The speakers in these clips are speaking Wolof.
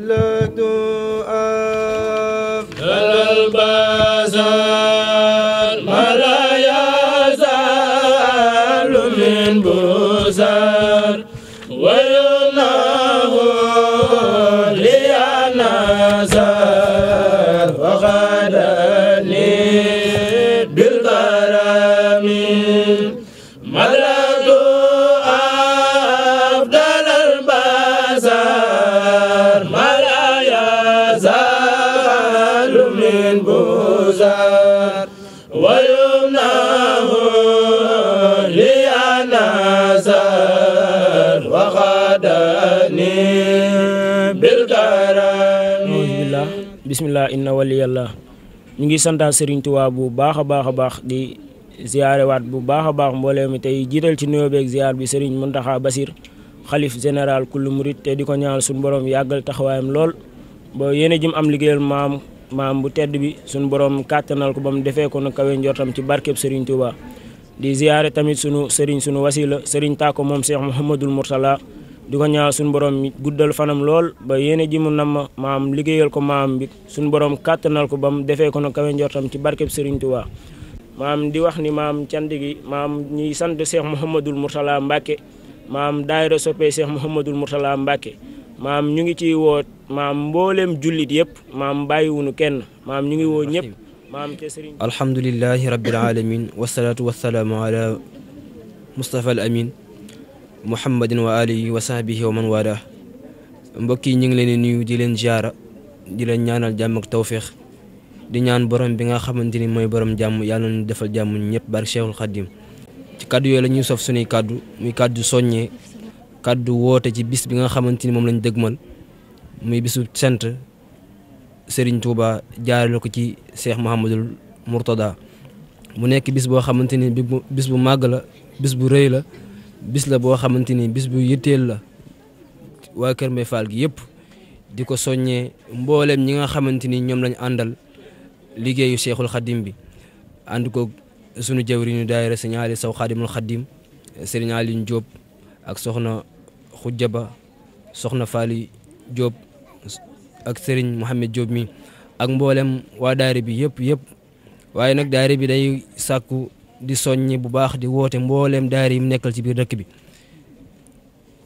لدؤاب للبازار ولا يزال من بزار ويناه لي نزار وغدني بالبرار من بوزار ويمناه لأنازار وغداني بالكرم بسم الله إن ولي الله ñu ngi santaat Serigne tuwaa bu baax a baax a baax di bu baax a baax mboolee mi tey jiital ci nuyoo beeg ziyaar bi Serigne Mountakha Bassir xalif général kullu murit te di ko ñaanal suñu borom yàggal taxawaayam lool ba yéen a am liggéeyal maam maam bu tedd bi suñu borom kàttanal ko ba mu defee ko na kawe njortam ci barkeb Serigne Touba di ziyaare tamit sunu Serigne sunu wasila Serigne Tako moom Cheikh Mouhamadul Mourtala di ko ñaar suñu borom guddal fanam lool ba yéene ji mu nam maam liggéeyal ko maam bi suñu borom kàttanal ko ba mu defee ko na kawe njortam ci barkeb Serigne Touba. maam di wax ni maam cant gi maam ñuy sant Cheikh Mouhamadul Mourtala Mbacke maam daayira soppee Cheikh Mouhamadul Mourtala Mbacke. maam ñu ngi ci woo maam mbooleem jullit yëpp maam bàyyiwunu kenn maam ñu ngi woo ñëpp maam te sëriñ alhamdulilahi rabbil alamin wasalaatu wasalaamu ala mustapha al amin muhammadin wa alihi wa sahbihi wa man wala mbokk yi ñu ngi leen di nuyu di leen ziara di leen ñaanal jàmm ak tawféex di ñaan borom bi nga xamante ni mooy borom jàmm yàlla nu defal jàmm ñëpp barke Cheikhul Khadim ci kàddu yooyu la ñuy sof suñuy kàddu muy kàddu soññee kàddu woote ci bis bi nga xamante ni moom lañ dëgmal muy bisu sant Serigne tuuba jaarale ko ci Cheikh Mouhamadul Mourtada mu nekk bis boo xamante ni bis bu màgg la bis bu rëy la bis la boo xamante ni bis bu yitteel la waa Kër Mbaye Fall gi yëpp di ko soññee mbooleem ñi nga xamante ni ñoom lañ àndal liggéeyu Cheikhul xadim bi ànd ko sunu jawriñu daayira Serigne Aliou Sow Khadimul Khadim Serigne ak soxna xujja ba soxna Faali joob ak Serigne Mohamed Diop mi ak mboolem waa daare bi yëpp yëpp waaye nag daare bi day sàkku di soññi bu baax di woote mbooleem daare yi mu nekkal ci biir dëkk bi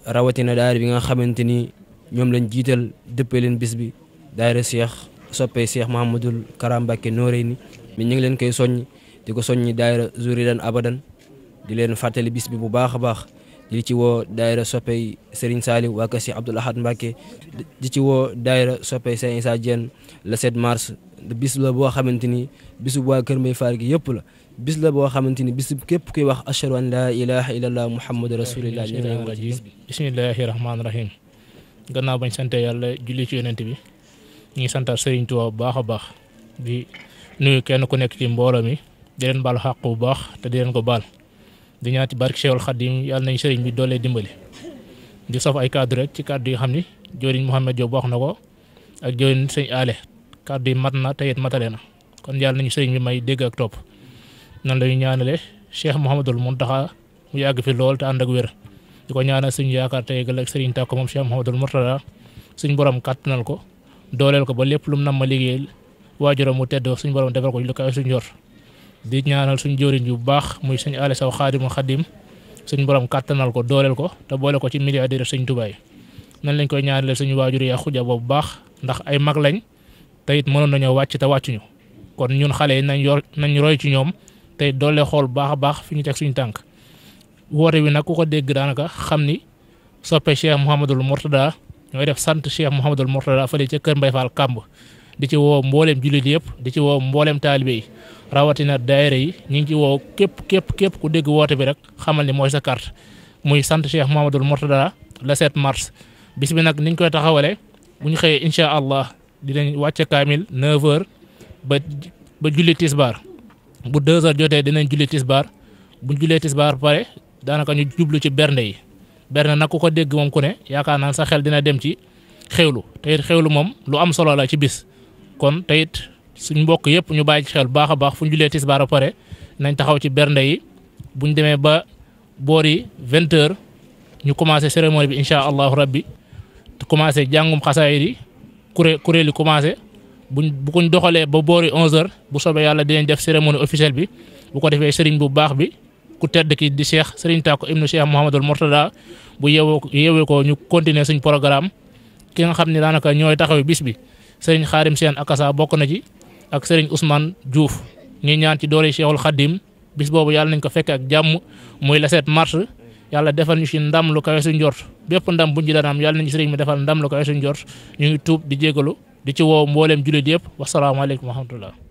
rawatina daare bi nga xamante ni ñoom lañ jiital dëppee leen bis bi daare Cheikh soppee Cheikh Mahamadul Karam Mbàkke nooré ni mi leen koy soññ di ko soññi daayira Zuridan abadan di leen fàttali bis bu baax baax di ci woo daayira soppey Serigne Saliou waa kër si Abdoul Ahad Mbacké di ci woo daayira soppey Serigne Issa Diène le 7 mars bis la boo xamante ni bisu waa Kër Mbaye Fall gi yëpp la bis la boo xamante ni bisu képp kuy wax ashhadu an laa ilaha illallah muhammadu rasulillah bismillahi rahmaani rahim gannaaw bañ sante yàlla julli ci yonent bi ñuy santaat Serigne Touba bu baax a baax di nuyu kenn ku nekk ci mbooloo mi di leen baal xàq bu baax te di leen ko baal di ñaan ci barke Cheikhul Khadim yàlla nañ sëriñ bi doolee dimbali di sof ay kaddu rek ci kaddu yi xam ni jëriñ Mouhamed Diop wax na ko ak jëriñ sëñ aale kaddu yi mat na te it matale na kon yàlla nañu sëriñ bi may dégg ak topp nan la ñu ñaanale Cheikh Mouhamadul Mountakha mu yàgg fi lool te ànd ak wér di ko ñaanal suñu yaakaar tey gël ak sëriñ tàkko moom Cheikh Mouhamadul Mourtada suñ borom kàttanal ko dooleel ko ba lépp lu mu nam ma liggéeyal waajuram mu tedd suñ borom defal ko lu kaay di ñaanal suñ jëriñ bu baax muy sëñ Aliou Sow xaadimu xadim suñ borom kàttanal ko dooleel ko te boole ko ci milliardaire sëñ Tubaay nan lañ koy ñaanalee suñu waajur yaa xuja bu baax ndax ay mag lañ te it mënoon nañoo wàcc te wàccuñu kon ñun xale yi nañ yor nañ roy ci ñoom tey doole xool baax a baax fi ñu teg suñu tànk woote bi nag ku ko dégg daanaka xam ni soppe Cheikh Mouhamadul Mourtada ñooy def sant Cheikh Mouhamadul Mourtada fële ca Kër Mbay Fall Kamb di ci woo mbooleem jullit di ci woo mbooleem taalibe yi rawatina daayira yi ñu ngi ci woo képp képp képp ku dégg woote bi rek xamal ni mooy sa carte muy sant Cheikh Mouhamadoul Mourtada le 7 mars bis bi nag niñ koy taxawalee bu ñu xëyee incha allah dinañ wàcce kaamil 9h ba ba julli tisbaar bu 2h jotee dinañ julli tisbaar bu jullee tisbaar pare daanaka ñu jublu ci bernde yi bernde nag ku ko dégg moom ku ne yaakaar naa sa xel dina dem ci xewlu te xewlu moom lu am solo la ci bis kon te suñ mbokk yëpp ñu bàyyi ci xel baax a baax fu ñu julee tisbaar a pare nañ taxaw ci bernde yi buñ demee ba boori vingt heures ñu commencé cérémonie bi incha allahu rabbi commencé jàngum xasaayid yi kuré kuréel yi commencé buñ bu koñ doxalee ba boori onze heures bu sobee yàlla dinañ def cérémonie officielle bi bu ko defee sëriñ bu baax bi ku tedd ki di cheikh sëriñ Tako ibnu cheikh Mouhamadul Mourtada bu yeewoo yeewee ko ñu continuer suñ programme ki xam ne daanaka ñooy taxaw bis bi sëriñ xaarim seen akasa bokk na ci ak Serigne Ousmane Diouf ñuy ñaan ci doole Cheikhul Khadim bis boobu yàlla nañ ko fekk ak jàmm muy la 7 mars yalla defal ñu ci ndam lu kawe suñ jort bépp ndam bu ci daan am yàlla nañ ci Serigne mi defal ndam lu kawe suñ jort ñu ngi tuub di jégalu di ci woo mboolem jullit yëpp wasalaamaaleykum wa rahmatullah